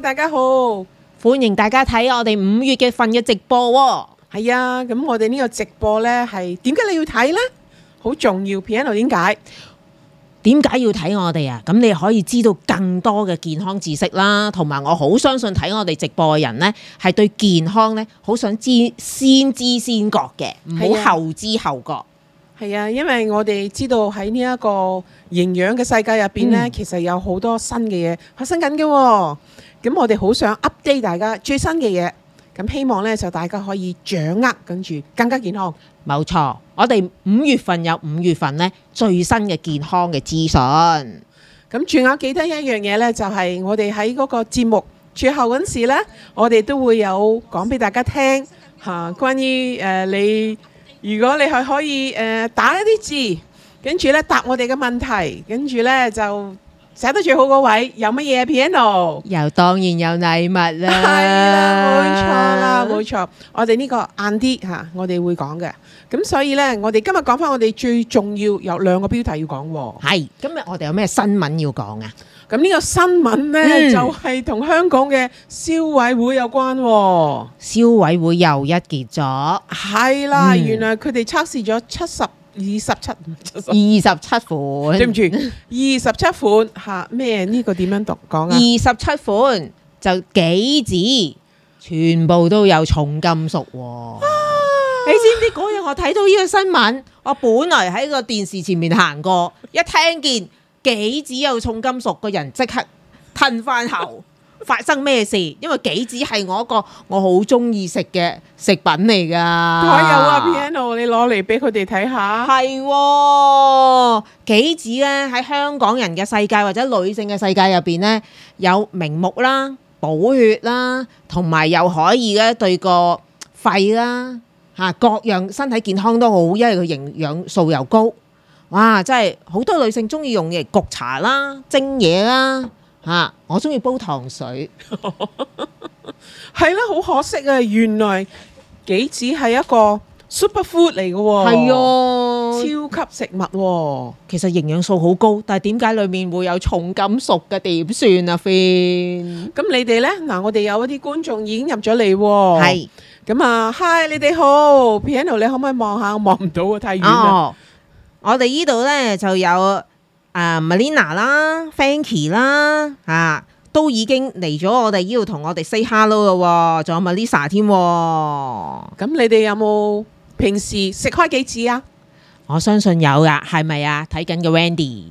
大家好，歡迎大家睇我哋五月嘅份嘅直播，哦。係啊，咁我哋呢個直播呢，係點解你要睇呢？好重要，Piano，點解？點解要睇我哋啊？咁你可以知道更多嘅健康知識啦，同埋我好相信睇我哋直播嘅人呢，係對健康呢好想知先知先覺嘅，唔好，啊，後知後覺。係啊，因為我哋知道喺呢一個營養嘅世界入邊呢，嗯，其實有好多新嘅嘢發生緊嘅，哦。咁我哋好想 update 大家最新嘅嘢，咁希望咧就大家可以掌握，跟住更加健康。冇錯，我哋五月份有五月份呢最新嘅健康嘅資訊，咁仲有記得一樣嘢咧，就係、是、我哋喺嗰個節目最後嗰陣時咧，我哋都會有講俾大家聽嚇，關於誒、呃、你，如果你係可以誒、呃、打一啲字，跟住咧答我哋嘅問題，跟住咧就。寫得最好嗰位有乜嘢？Piano 又當然有禮物啦，係啦，冇錯啦，冇錯。我哋呢個晏啲嚇，我哋會講嘅。咁所以呢，我哋今日講翻我哋最重要有兩個標題要講喎。係，今日我哋有咩新聞要講啊？咁呢個新聞呢，嗯、就係同香港嘅消委會有關喎。消委會又一結咗，係啦的，嗯、原來佢哋測試咗七十。27, 二十七款，二十七款，對唔住，這個啊、二十七款吓咩？呢個點樣講啊？二十七款就杞子，全部都有重金屬，哦啊。你知唔知嗰日、那個、我睇到呢個新聞？我本嚟喺個電視前面行過，一聽見杞子有重金屬，個人即刻褪翻後。 發生咩事？因為杞子係我一個我好中意食嘅食品嚟噶，我有啊，Piano，你攞嚟俾佢哋睇下。係杞子咧，喺香港人嘅世界或者女性嘅世界入邊咧，有明目啦、補血啦，同埋又可以咧對個肺啦，吓各樣身體健康都好，因為佢營養素又高。哇，真係好多女性中意用嚟焗茶啦、蒸嘢啦。吓、啊，我中意煲糖水，係啦、 啊，好可惜啊！原來杞子係一個 super food 嚟嘅喎。係哦，超級食物，其實營養素好高，但係點解裏面會有重金屬嘅？點算啊 Afreen 咁、嗯、你哋咧？嗱，我哋有一啲觀眾已經入咗嚟，哦，係咁是啊！Hi，你哋好，Piano，你可唔可以望下？我望唔到啊，太遠啦。哦、我哋呢度咧就有。啊，Melina 啦，Fanky 啦，啊、uh, uh, 都已經嚟咗我哋呢度同我哋 say hello 咯，仲有 Melissa 添。咁你哋有冇平時食開幾次啊？我相信有噶，係咪啊？睇緊嘅 Wendy。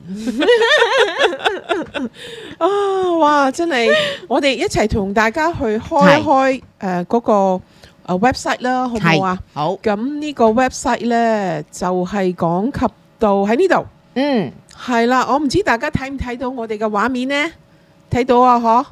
啊， 哇，真係， 我哋一齊同大家去開一開誒嗰是、呃那個誒 website 啦，好唔好啊？好。咁呢個 website 咧就係講及到喺呢度。嗯，係啦，我唔知大家睇唔睇到我哋嘅畫面呢？睇到啊，嗬，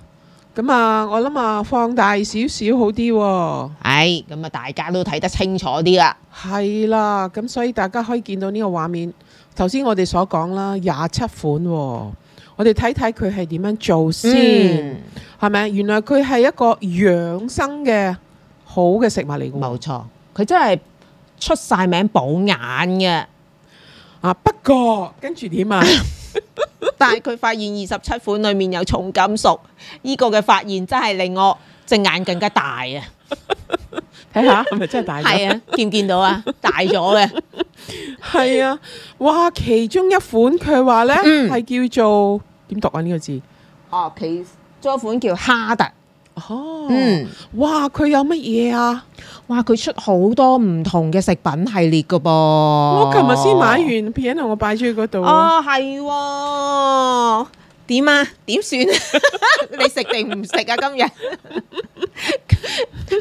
咁啊，我諗啊，放大少少好啲喎。係、哎，咁啊，大家都睇得清楚啲啦。係啦，咁所以大家可以見到呢個畫面，頭先我哋所講啦，廿七款、哦，我哋睇睇佢係點樣做先，係咪、嗯？原來佢係一個養生嘅好嘅食物嚟。冇錯，佢真係出晒名補眼嘅。啊！不過跟住點啊？ 但係佢發現二十七款裏面有重金屬，呢、這個嘅發現真係令我隻眼更加大啊！睇 下係咪真係大咗？係 啊，見唔見到啊？大咗嘅，係 啊！哇，其中一款佢話咧，係叫做點、嗯、讀啊？呢、這個字哦、啊，其中一款叫哈特哦，嗯，哇，佢有乜嘢啊？哇！佢出好多唔同嘅食品系列噶噃。我琴日先買完，皮影同我擺住喺嗰度。哦，係點啊？點算啊？你食定唔食啊？今日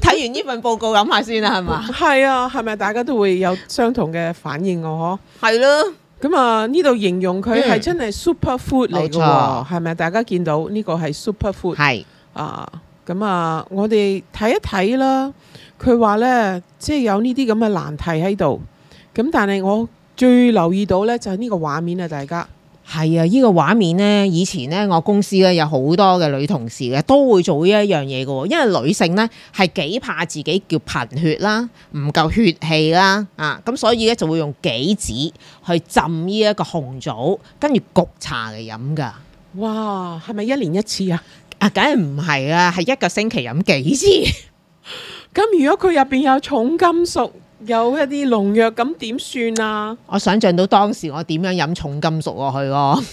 睇完呢份報告，諗下先啦，係嘛？係啊，係咪大家都會有相同嘅反應？我嗬，係咯。咁啊，呢度形容佢係真係 super food 嚟嘅，係咪？大家見到呢個係 super food，係啊。咁啊，我哋睇一睇啦。佢話呢，即係有呢啲咁嘅難題喺度。咁但係我最留意到呢，就係呢個畫面啊！大家係啊，呢個畫面呢，以前呢，我公司呢，有好多嘅女同事嘅都會做呢一樣嘢㗎。因為女性呢，係幾怕自己叫貧血啦，唔夠血氣啦啊，咁所以呢，就會用杞子去浸呢一個紅棗，跟住焗茶嚟飲噶。哇！係咪一年一次啊？啊，梗係唔係啊？係一個星期飲幾次？咁如果佢入邊有重金屬，有一啲農藥，咁點算啊？我想象到當時我點樣飲重金屬落去喎。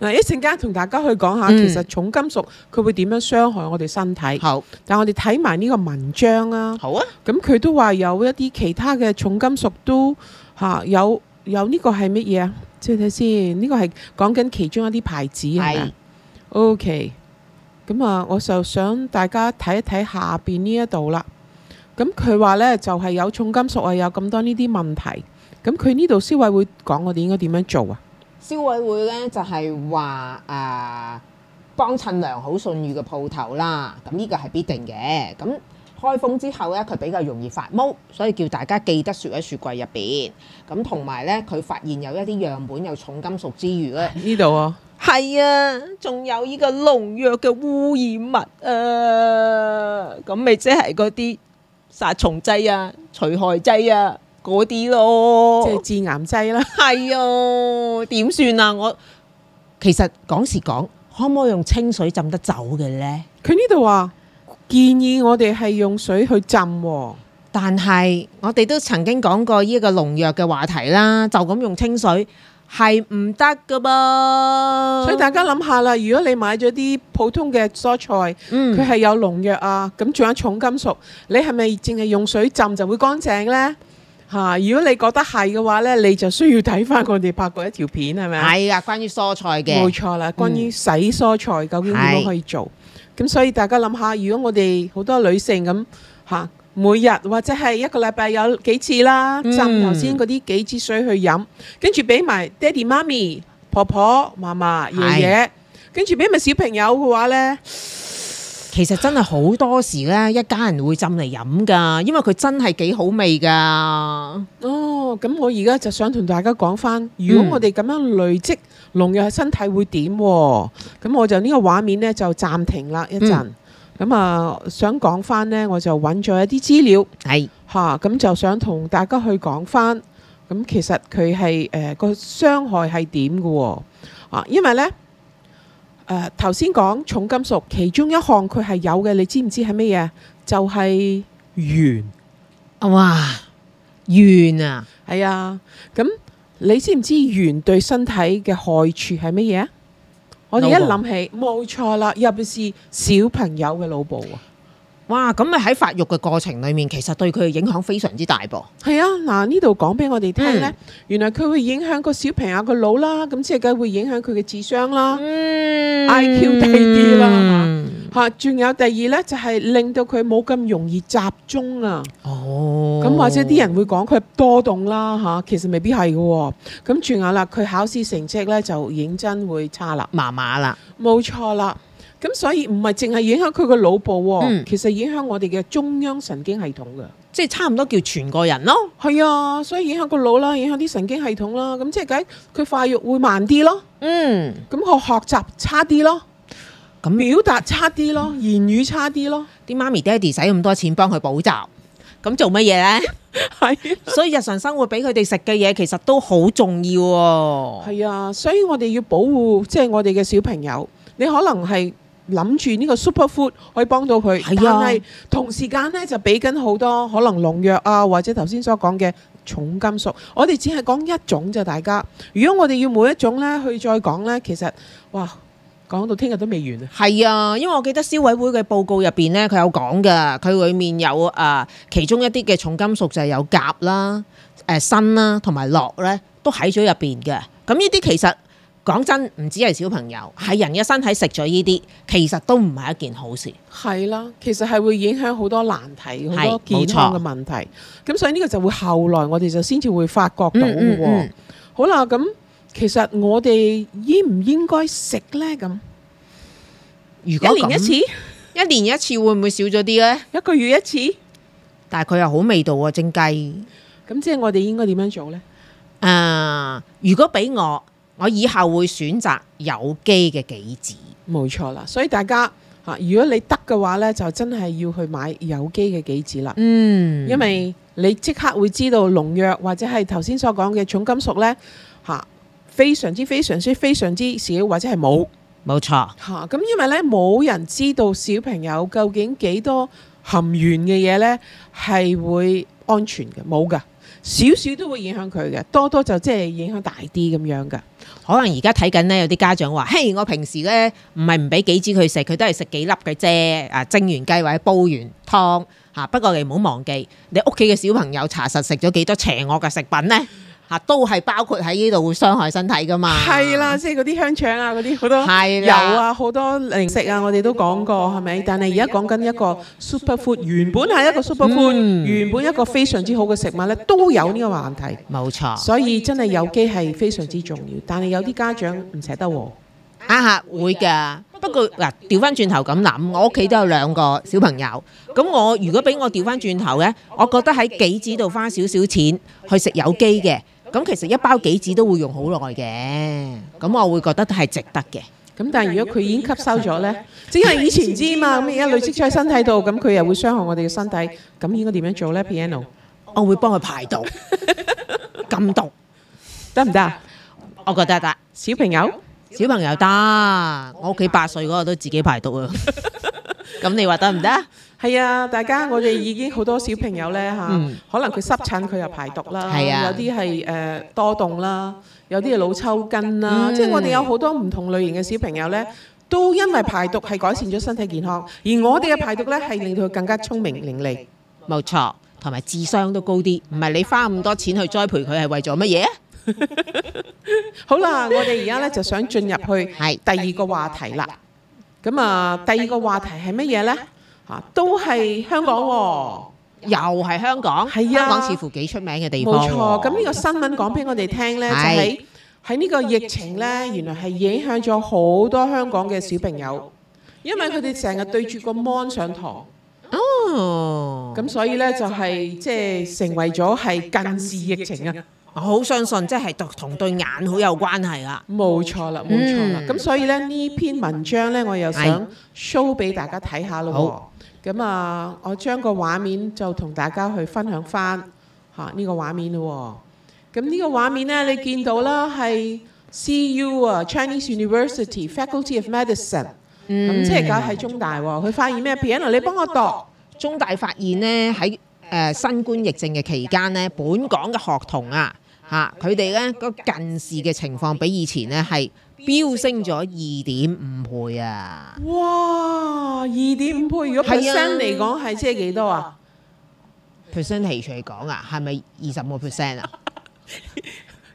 嗱，一陣間同大家去講下，其實重金屬佢會點樣傷害我哋身體？好、嗯，但我哋睇埋呢個文章啊，好啊，咁佢都話有一啲其他嘅重金屬都吓，有有呢個係乜嘢啊？即係睇先，呢、這個係講緊其中一啲牌子係咪？O K。是 okay. 咁啊，我就想大家睇一睇下邊呢一度啦。咁佢話呢，就係、是、有重金屬啊，有咁多呢啲問題。咁佢呢度消委會講我哋應該點樣做啊？消委會呢，就係話啊，幫、呃、襯良好信譽嘅鋪頭啦。咁呢個係必定嘅。咁開封之後咧，佢比較容易發毛，所以叫大家記得雪喺雪櫃入邊。咁同埋咧，佢發現有一啲樣本有重金屬之餘咧，呢度、哦、啊，係啊，仲有呢個農藥嘅污染物啊，咁咪即係嗰啲殺蟲劑啊、除害劑啊嗰啲咯，即係致癌劑啦。係啊，點算啊，啊？我其實講時講，可唔可以用清水浸得走嘅咧？佢呢度話。建議我哋係用水去浸，哦，但係我哋都曾經講過呢一個農藥嘅話題啦。就咁用清水係唔得噶噃。所以大家諗下啦，如果你買咗啲普通嘅蔬菜，佢係、嗯、有農藥啊，咁仲有重金屬，你係咪淨係用水浸就會乾淨呢？吓、啊，如果你覺得係嘅話呢，你就需要睇翻我哋拍過一條片係咪啊？係啊，關於蔬菜嘅，冇錯啦，關於洗蔬菜、嗯、究竟點樣可以做？咁所以大家諗下，如果我哋好多女性咁吓，每日或者係一個禮拜有幾次啦，浸頭先嗰啲幾次水去飲，跟住俾埋爹哋媽咪、婆婆、嫲嫲、爺爺，跟住俾埋小朋友嘅話呢，其實真係好多時呢一家人會浸嚟飲噶，因為佢真係幾好味噶。哦，咁我而家就想同大家講返，如果我哋咁樣累積。嗯農藥係身體會點喎？咁我就呢個畫面呢就暫停啦一陣。咁啊，想講返呢，我就揾咗一啲資料，係吓，咁就想同大家去講返。咁其實佢係誒個傷害係點㗎喎？啊，因為呢誒頭先講重金屬其中一項佢係有嘅，你知唔知係咩嘢？就係鉛。哇！鉛啊！係啊！咁。你知唔知鉛對身體嘅害處係乜嘢啊？我哋一諗起，冇婆錯啦，尤其是小朋友嘅腦部啊！哇，咁咪喺發育嘅過程裏面，其實對佢嘅影響非常之大噃。係啊，嗱，呢度講俾我哋聽呢，嗯、原來佢會影響個小朋友嘅腦啦，咁即係梗會影響佢嘅智商啦、嗯、IQ 低啲啦，嗯嚇，仲有第二咧，就係、是、令到佢冇咁容易集中啊！哦，咁或者啲人會講佢多動啦嚇，其實未必係嘅。咁轉眼啦，佢考試成績咧就認真會差啦，麻麻啦，冇錯啦。咁所以唔係淨係影響佢個腦部喎，嗯、其實影響我哋嘅中央神經系統嘅，即係差唔多叫全個人咯。係啊，所以影響個腦啦，影響啲神經系統啦。咁即係佢佢發育會慢啲咯。嗯，咁學學習差啲咯。咁表達差啲咯，言語差啲咯，啲媽咪爹哋使咁多錢幫佢補習，咁做乜嘢呢？係， 所以日常生活俾佢哋食嘅嘢其實都好重要喎。係啊，所以我哋要保護，即係我哋嘅小朋友。你可能係諗住呢個 superfood 可以幫到佢，係啊，但係同時間呢就俾緊好多可能農藥啊，或者頭先所講嘅重金屬。我哋只係講一種就大家，如果我哋要每一種呢去再講呢，其實哇～講到聽日都未完啊！係啊，因為我記得消委會嘅報告入邊咧，佢有講嘅，佢裏面有啊、呃，其中一啲嘅重金屬就係有甲啦、誒砷啦、同埋鉬咧，都喺咗入邊嘅。咁呢啲其實講真，唔止係小朋友，係人嘅身體食咗呢啲，其實都唔係一件好事。係啦、啊，其實係會影響好多難題、好多健康嘅問題。咁所以呢個就會後來我哋就先至會發覺到嘅喎。好啦、嗯，咁、嗯。嗯。其實我哋應唔應該食呢。咁如果一年一次，一年一次會唔會少咗啲呢？一個月一次，但係佢又好味道喎、啊，蒸雞。咁、嗯、即係我哋應該點樣做呢？啊、呃，如果俾我，我以後會選擇有機嘅杞子，冇錯啦。所以大家吓，如果你得嘅話呢，就真係要去買有機嘅杞子啦。嗯，因為你即刻會知道農藥或者係頭先所講嘅重金屬呢。非常之非常之非常之少或者係冇，冇錯嚇。咁因為咧冇人知道小朋友究竟幾多含鉛嘅嘢咧係會安全嘅，冇㗎，少少都會影響佢嘅，多多就即係影響大啲咁樣㗎。可能而家睇緊咧，有啲家長話：嘿，我平時咧唔係唔俾幾支佢食，佢都係食幾粒嘅啫。啊，蒸完雞或者煲完湯嚇。不過你唔好忘記，你屋企嘅小朋友查實食咗幾多邪惡嘅食品咧？嚇、啊、都係包括喺呢度會傷害身體㗎嘛？係啦，即係嗰啲香腸啊，嗰啲好多有啊，好的多零食啊，我哋都講過係咪？但係而家講緊一個 superfood，原本係一個 superfood，嗯、原本一個非常之好嘅食物咧，都有呢個問題。冇錯，所以真係有機係非常之重要。但係有啲家長唔捨得喎。啊嚇，會㗎。不過嗱，調翻轉頭咁諗，我屋企都有兩個小朋友。咁我如果俾我調翻轉頭咧，我覺得喺杞子度花少少錢去食有機嘅。咁其實一包杞子都會用好耐嘅，咁我會覺得係值得嘅。咁但係如果佢已經吸收咗呢， 只係以前知嘛，而家累積咗喺身體度，咁佢 又會傷害我哋嘅身體。咁 應該點樣做呢？Piano，我會幫佢排毒，排毒得唔得？行行，我覺得得。小朋友，小朋友得。我屋企八歲嗰個都自己排毒啊。咁 你話得唔得？ 係啊，大家我哋已經好多小朋友呢。嚇，可能佢濕疹佢又排毒啦、嗯，有啲係誒多動啦，有啲係腦抽筋啦，即係我哋有好多唔同類型嘅小朋友呢，都因為排毒係改善咗身體健康，而我哋嘅排毒呢，係令到佢更加聰明伶俐，冇錯，同埋智商都高啲。唔係你花咁多錢去栽培佢係為咗乜嘢？ 好啦，我哋而家呢就想進入去第二個話題啦。咁啊是，第二個話題係乜嘢呢？都係香港喎。啊，又係香港，香港似乎幾出名嘅地方啊。冇錯，咁呢個新聞講俾我哋聽呢，就係喺呢個疫情呢，原來係影響咗好多香港嘅小朋友，因為佢哋成日對住個 mon 上堂。哦，咁、嗯、所以呢，就係即係成為咗係近視疫情啊！我好相信即係同對眼好有關係啦。冇錯啦，冇錯啦。咁所以呢呢篇文章呢，我又想 show 俾大家睇下咯。咁啊，我將個畫面就同大家去分享翻嚇呢個畫面咯喎。咁呢個畫面呢，你見到啦，係 CU 啊，Chinese University Faculty of Medicine，咁即係講喺中大喎。佢發現咩？Piano，你幫我讀。中大發現呢，喺誒新冠疫症嘅期間呢，本港嘅學童啊嚇，佢哋呢個近視嘅情況比以前呢係，飆升咗二點五倍啊！哇，二點五倍，如果 percent 嚟講，係即係幾多啊 percent 提出嚟講啊，係咪二十五個 percent 啊？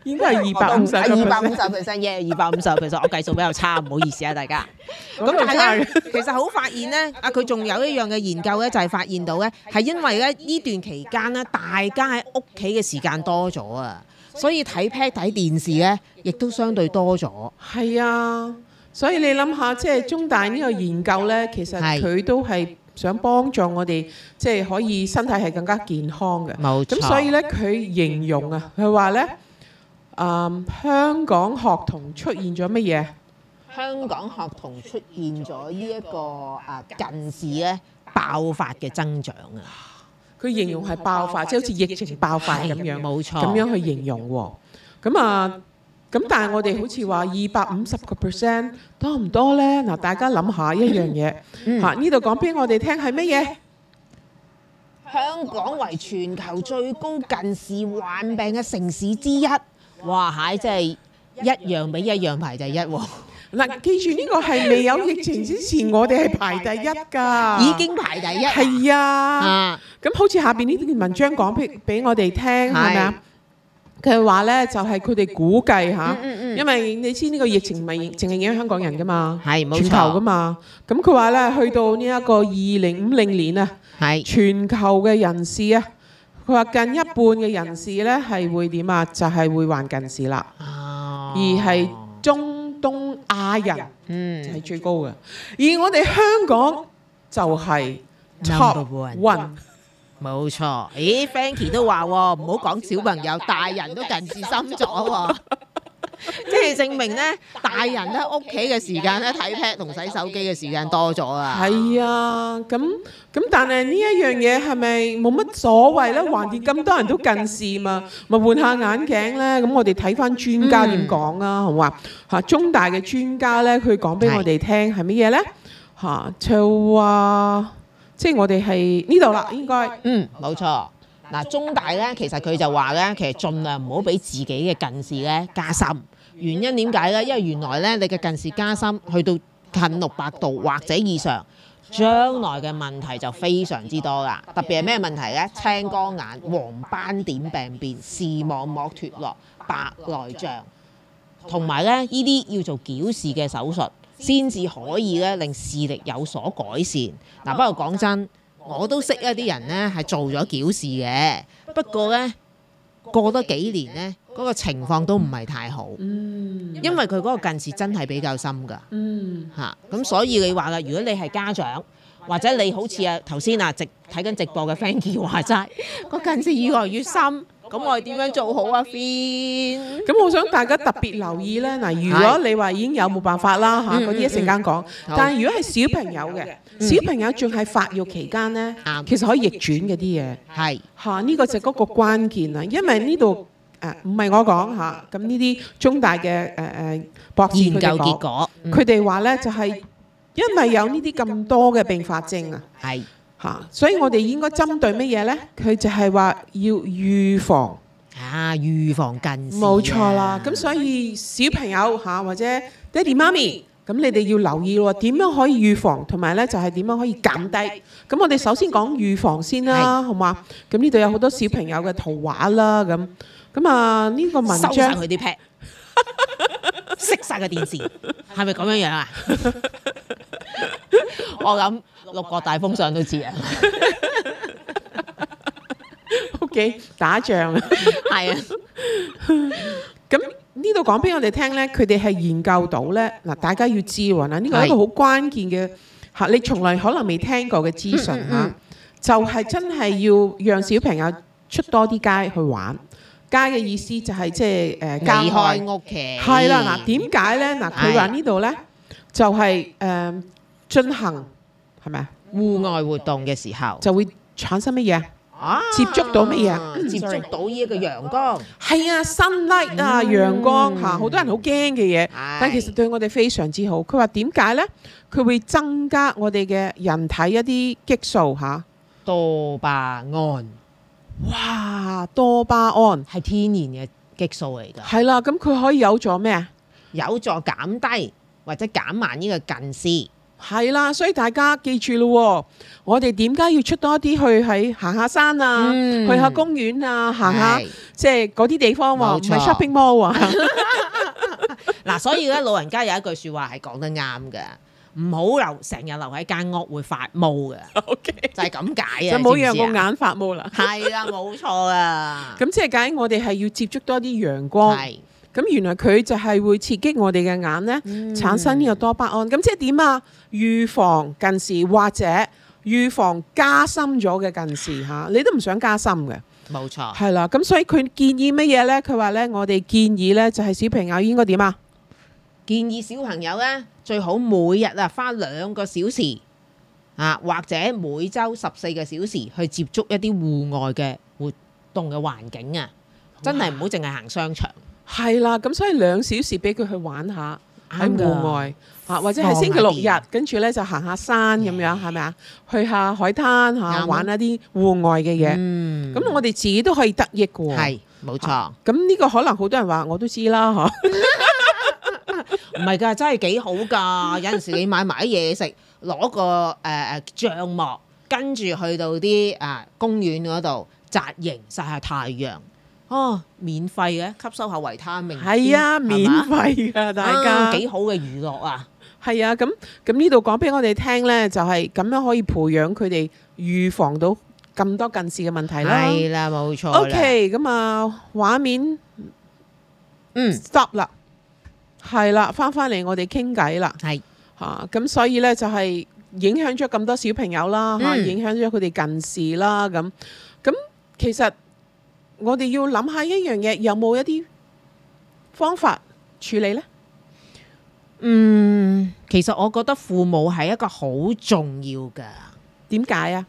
應該係二百五十 percent，二百五十 percent 二百五十 percent。 我計數比較差，唔好意思啊，大家。咁 但係咧，其實好發現咧，阿佢仲有一樣嘅研究咧，就係發現到咧，係因為咧呢段期間咧，大家喺屋企嘅時間多咗啊。所以睇 pad 睇電視咧，亦都相對多咗。係啊，所以你諗下，即係中大呢個研究咧，其實佢都係想幫助我哋，即係可以身體係更加健康嘅。冇錯。咁所以咧，佢形容啊，佢話咧，啊香港學童出現咗乜嘢？香港學童出現咗呢一個啊近視咧爆發嘅增長啊！佢形容係爆發，即係好似疫情爆發咁樣，冇錯，咁樣去形容喎。咁啊，咁但係我哋好似話二百五十個 percent 多唔多呢？嗱，大家諗下一樣嘢嚇，呢度講俾我哋聽係乜嘢？香港為全球最高近視患病嘅城市之一。哇！唉，真係一樣比一樣排就係一喎。嗱，記住呢個係未有疫情之前，我哋係排第一㗎，已經排第一，係啊。咁、啊、好似下邊呢段文章講俾俾我哋聽，係咪啊？佢話咧就係佢哋估計吓，嗯嗯、因為你知呢個疫情唔係淨係影響香港人㗎嘛，係冇錯。全球㗎嘛，咁佢話咧去到呢一個二零五零年啊，是全球嘅人士啊，佢話近一半嘅人士咧係會點啊？就係、是、會患近視啦，哦、而係。亞人嗯係最高嘅，而我哋香港就係 top one，冇錯。咦、欸、Fancy 都話喎，唔好講小朋友， 大人都近視深咗喎。 即係證明咧，大人咧屋企嘅時間咧睇 pad 同洗手機嘅時間多咗啊！係啊，咁咁但係呢一樣嘢係咪冇乜所謂咧？橫掂咁多人都近視嘛，咪換下眼鏡咧？咁我哋睇翻專家點講啊，好唔好啊？嚇，中大嘅專家咧，佢講俾我哋聽係乜嘢咧？嚇，就話即係我哋係呢度啦，應該嗯冇錯。嗱，中大咧，其實佢就話咧，其實盡量唔好俾自己嘅近視咧加深。原因點解咧？因為原來咧，你嘅近視加深去到近六百度或者以上，將來嘅問題就非常之多啦。特別係咩問題咧？青光眼、黃斑點病變、視網膜脫落、白內障，同埋咧呢啲要做矯視嘅手術先至可以咧令視力有所改善。嗱、啊，不過講真。我都識一啲人呢係做咗矯視嘅，不過呢，過多幾年呢，嗰、嗰個情況都唔係太好，嗯、因為佢嗰個近視真係比較深㗎，嚇咁、嗯啊、所以你話喇，如果你係家長或者你好似啊頭先啊直睇緊直播嘅 Fancy 話齋個近視越來越深。咁我哋點樣做好啊？Fin，咁我想大家特別留意咧。嗱，如果你話已經有冇辦法啦嚇，嗰啲一陣間講。但係如果係小朋友嘅，小朋友仲喺發育期間咧，其實可以逆轉嗰啲嘢。係嚇，呢個就嗰個關鍵啊！因為呢度誒唔係我講嚇，咁呢啲中大嘅誒誒博士佢哋講，佢哋話咧就係因為有呢啲咁多嘅併發症啊。係。嚇，所以我哋應該針對乜嘢咧？佢就係話要預防嚇、啊，預防近視，啊，冇錯啦，咁所以小朋友嚇、啊、或者爹哋媽咪，咁你哋要留意喎，點樣可以預防同埋咧就係點樣可以減低，咁我哋首先講預防先啦，是好嘛？咁呢度有好多小朋友嘅圖畫啦，咁咁啊呢、呢個文章收曬佢啲 pad，熄曬個電視，係咪咁樣樣啊？ 我諗六國大封相都知啊，OK，打仗啊，係啊，咁呢度講俾我哋聽咧，佢哋係研究到咧。嗱，大家要知喎，嗱呢個係一個好關鍵嘅吓，你從來可能未聽過嘅資訊吓，就係真係要讓小朋友出多啲街去玩。街嘅意思就係即係誒，離開屋企係啦。嗱，點解咧？嗱，佢話呢度咧就係誒。進行係咪啊，戶外活動嘅時候就會產生乜嘢啊，接、嗯？接觸到乜嘢？接觸到呢一個陽光係啊，sunlight 啊，Sun 啊嗯、陽光嚇，好多人好驚嘅嘢，是但其實對我哋非常之好。佢話點解呢？佢會增加我哋嘅人體一啲激素嚇，啊、多巴胺。哇，多巴胺係天然嘅激素嚟㗎。係啦、啊，咁佢可以有助咩啊？有助減低或者減慢呢個近視。係啦，所以大家記住咯，我哋點解要出多啲去喺行下山啊，去下公園啊，行下即係嗰啲地方喎，唔係 shopping mall 喎。嗱，所以咧老人家有一句說話係講得啱嘅，唔好留成日留喺間屋會發毛嘅。OK 就係咁解嘅，就冇讓個眼發毛啦。係啊，冇錯啊。咁即係講緊我哋係要接觸多啲陽光。係。咁原來佢就係會刺激我哋嘅眼咧，產生呢個多巴胺。咁即係點啊？預防近視或者預防加深咗嘅近視嚇、啊，你都唔想加深嘅。冇錯，係啦。咁所以佢建議乜嘢呢？佢話呢，我哋建議呢，就係小朋友應該點啊？建議小朋友呢，最好每日啊花兩個小時啊，或者每週十四個小時去接觸一啲戶外嘅活動嘅環境啊，哇真係唔好淨係行商場。係啦，咁所以兩小時俾佢去玩下，喺戶外嚇、啊，或者係星期六日，跟住咧就行下山咁樣，係咪 Yeah. 啊？去下海灘嚇，玩一啲戶外嘅嘢。咁、嗯、我哋自己都可以得益嘅喎。係，冇錯。咁呢、啊、個可能好多人話，我都知啦嚇。唔係㗎，真係幾好㗎！有陣時你買埋啲嘢食，攞個誒誒帳幕，跟住去到啲啊、呃、公園嗰度，扎營曬下太陽。哦，免費嘅，吸收下維他命，係啊，免費噶，大家幾好嘅娛樂啊，係啊，咁咁呢度講俾我哋聽呢，就係咁樣可以培養佢哋預防到咁多近視嘅問題啦，係啦，冇錯啦。OK，咁啊，畫面，嗯，stop 啦，係啦，翻翻嚟我哋傾偈啦，係吓，咁所以呢就係影響咗咁多小朋友啦，吓，影響咗佢哋近視啦，咁，咁其實。我哋要諗下一樣嘢，有冇一啲方法處理呢？嗯，其實我覺得父母係一個好重要噶。點解啊？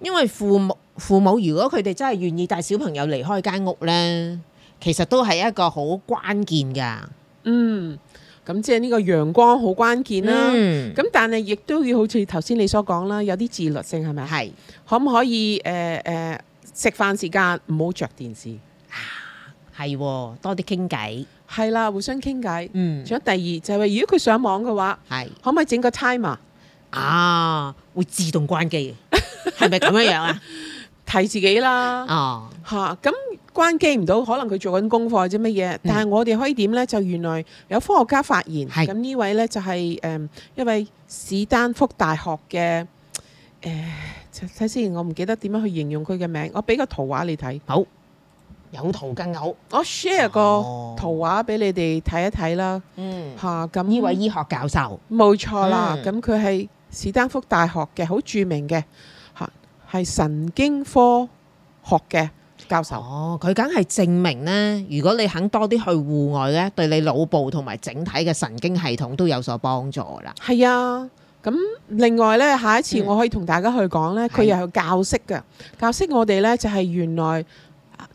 因為父母，父母如果佢哋真係願意帶小朋友離開間屋呢，其實都係一個好關鍵噶。嗯，咁即係呢個陽光關鍵、啊嗯、好關鍵啦。咁但係亦都要好似頭先你所講啦，有啲自律性係咪？係是可唔可以？誒、呃、誒。呃食飯時間唔好着電視，係、啊啊、多啲傾偈，係啦、啊，互相傾偈。嗯，仲有第二就係、是、如果佢上網嘅話，係是可唔可以整個 timer 啊，會自動關機，係咪咁樣樣啊？睇自己啦，哦、啊，吓，咁關機唔到，可能佢做緊功課或者乜嘢？嗯、但係我哋可以點呢？就原來有科學家發現，咁呢是位呢、就是，就係誒，一位史丹福大學嘅誒。呃睇先，我唔記得點樣去形容佢嘅名。我俾個圖畫你睇。好，有圖更好。我 share 個圖畫俾你哋睇一睇啦。嗯，嚇咁、啊。呢位醫學教授，冇錯啦。咁佢係史丹福大學嘅，好著名嘅嚇，係神經科學嘅教授。哦，佢梗係證明呢，如果你肯多啲去戶外呢，對你腦部同埋整體嘅神經系統都有所幫助啦。係啊。咁另外咧，下一次我可以同大家去講咧，佢、嗯、又有教識嘅。的教識我哋咧就係、是、原來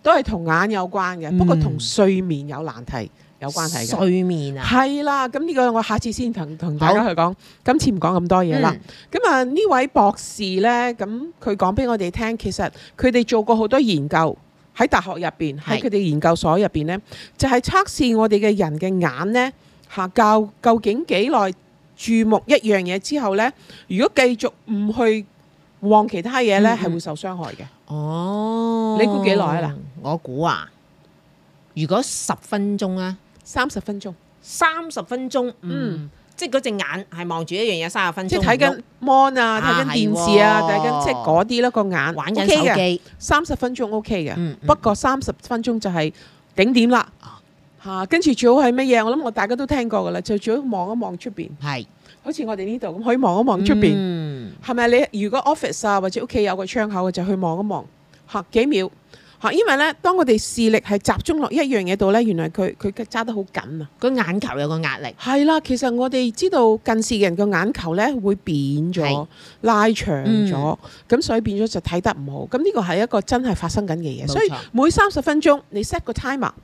都係同眼有關嘅，嗯、不過同睡眠有難題有關係。睡眠啊，係啦。咁呢個我下次先同同大家去講。好今次唔講咁多嘢啦。咁啊呢位博士咧，咁佢講俾我哋聽，其實佢哋做過好多研究喺大學入邊，喺佢哋研究所入邊咧，的就係測試我哋嘅人嘅眼咧下教究竟幾耐。注目一樣嘢之後呢，如果繼續唔去望其他嘢呢，係會受傷害嘅。哦，你估幾耐啊？嗱，我估啊，如果十分鐘啊，三十分鐘，三十分鐘，嗯，即係嗰隻眼係望住一樣嘢三十分鐘，即係睇緊 mon 啊，睇緊電視啊，睇緊即係嗰啲啦。個眼玩緊手機，三十分鐘 OK 嘅，不過三十分鐘就係頂點啦。嚇、啊！跟住最好係乜嘢？我諗我大家都聽過㗎啦，就最好望一望出邊。係是，好似我哋呢度咁，可以望一望出邊。係咪、嗯、你如果 office 啊或者屋企有個窗口嘅，就去望一望嚇、啊、幾秒嚇、啊。因為咧，當我哋視力係集中落一樣嘢度咧，原來佢佢揸得好緊啊，個眼球有個壓力。係啦，其實我哋知道近視嘅人個眼球咧會扁咗、是拉長咗，咁、嗯、所以變咗就睇得唔好。咁呢個係一個真係發生緊嘅嘢。錯所以每三十分鐘你 set 個 time 啊。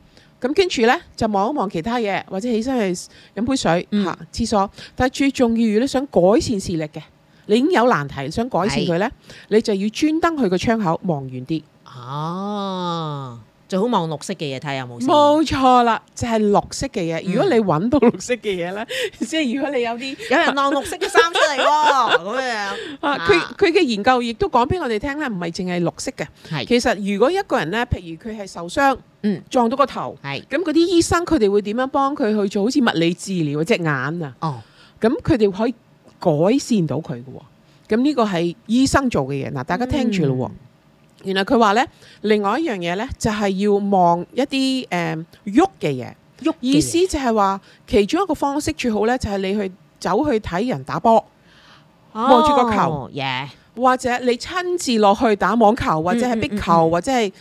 咁跟住呢，就望一望其他嘢，或者起身去飲杯水嚇、廁所。但係最重要如果你想改善視力嘅，你已經有難題，想改善佢呢，是你就要專登去個窗口望遠啲。哦。啊最好望綠色嘅嘢，睇下有冇。冇錯啦，就係、是、綠色嘅嘢。如果你揾到綠色嘅嘢呢， 即係如果你有啲有人望綠色嘅衫出嚟喎，咁 樣。佢佢嘅研究亦都講俾我哋聽呢，唔係淨係綠色嘅。其實如果一個人呢，譬如佢係受傷，嗯，撞到個頭，係、嗯，咁嗰啲醫生佢哋會點樣幫佢去做好似物理治療隻眼啊？哦，咁佢哋可以改善到佢嘅喎。咁呢個係醫生做嘅嘢，嗱，大家聽住咯。嗯原來佢話呢，另外一樣嘢呢，就係、是、要望一啲誒喐嘅嘢，呃、意思就係話，其中一個方式最好呢，就係、是、你去走去睇人打波，望住個球，oh, yeah. 或者你親自落去打網球，或者係壁球，或者係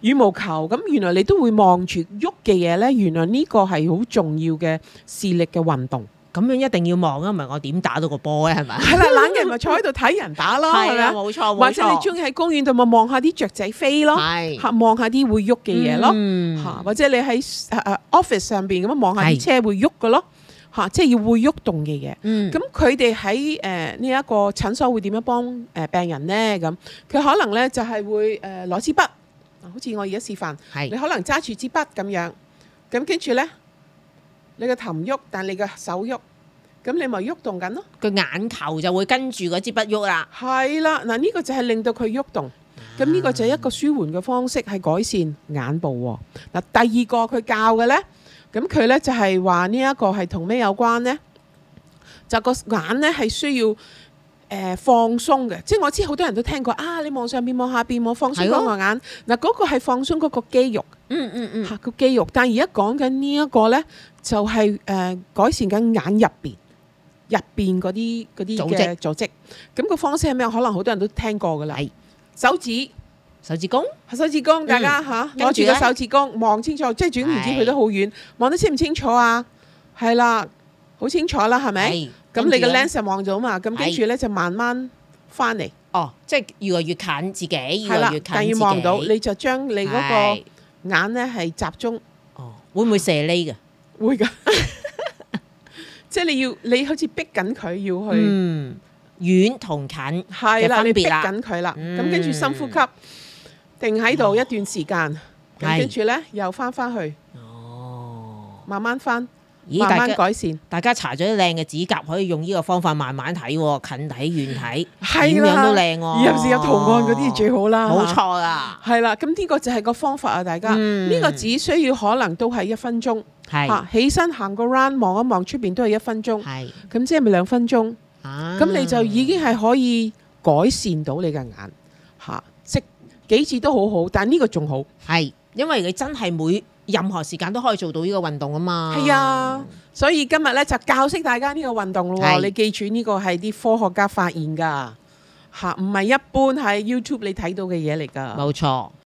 羽毛球。咁、嗯嗯、原來你都會望住喐嘅嘢呢，原來呢個係好重要嘅視力嘅運動。咁樣一定要望啊，唔係我點打到個波咧？係咪？係啦，冷嘅咪坐喺度睇人打咯，係咪？冇錯，冇錯。或者你中意喺公園度咪望下啲雀仔飛咯，嚇，望下啲會喐嘅嘢咯，嚇、嗯、或者你喺 office 上邊咁樣望下啲車會喐嘅咯，嚇的即係要會喐動嘅嘢。咁佢哋喺誒呢一個診所會點樣幫誒病人呢？咁佢可能咧就係會誒攞支筆，好似我而家示範，的你可能揸住支筆咁樣，咁跟住咧你個頭唔喐，但你個手喐。咁你咪喐動緊咯，個眼球就會跟住嗰支筆喐啦。係啦，嗱呢個就係令到佢喐動，咁呢個就係一個舒緩嘅方式，係改善眼部。嗱，第二個佢教嘅呢，咁佢呢就係話呢一個係同咩有關呢？就個眼呢係需要誒放鬆嘅，即係我知好多人都聽過啊，你望上邊望下邊，望放鬆個眼，嗱嗰個係放鬆嗰個肌肉，嗯嗯嗯吓個肌肉，但而家講緊呢一個呢就係誒改善緊眼入邊入邊嗰啲嗰啲嘅組織，咁個方式係咩？可能好多人都聽過㗎啦。手指、手指公、手指公，大家嚇攞住個手指公望清楚，即係總言之，去得好遠，望得清唔清楚啊？係啦，好清楚啦，係咪？咁你個 lens 望到嘛？咁跟住咧就慢慢翻嚟。哦，即係越來越近自己，越來越近自己。係啦，但要望到你就將你嗰個眼咧係集中。哦，會唔會射呢㗎？會㗎。即係你要，你好似逼緊佢要去遠同、嗯、近，係啦，你逼緊佢啦。咁跟住深呼吸，定喺度一段時間，跟住咧又翻翻去，是慢慢翻。慢慢改善，大家搽咗啲靚嘅指甲，可以用呢個方法慢慢睇、哦，近睇遠睇，點的樣都靚喎、哦。尤其是有圖案嗰啲最好啦，冇錯啦。係啦，咁呢個就係個方法啊，大家呢、嗯、個只需要可能都係一分鐘，嚇是、啊、起身行個 round 望一望出邊都係一分鐘，係咁即係咪兩分鐘？咁、嗯、你就已經係可以改善到你嘅眼嚇，即、啊、幾次都好好，但係呢個仲好，係因為你真係每任何時間都可以做到呢個運動嘛，啊嘛，係啊，所以今日咧就教識大家呢個運動咯。係，你記住呢個係啲科學家發現噶嚇，唔係一般喺 YouTube 你睇到嘅嘢嚟㗎，冇錯。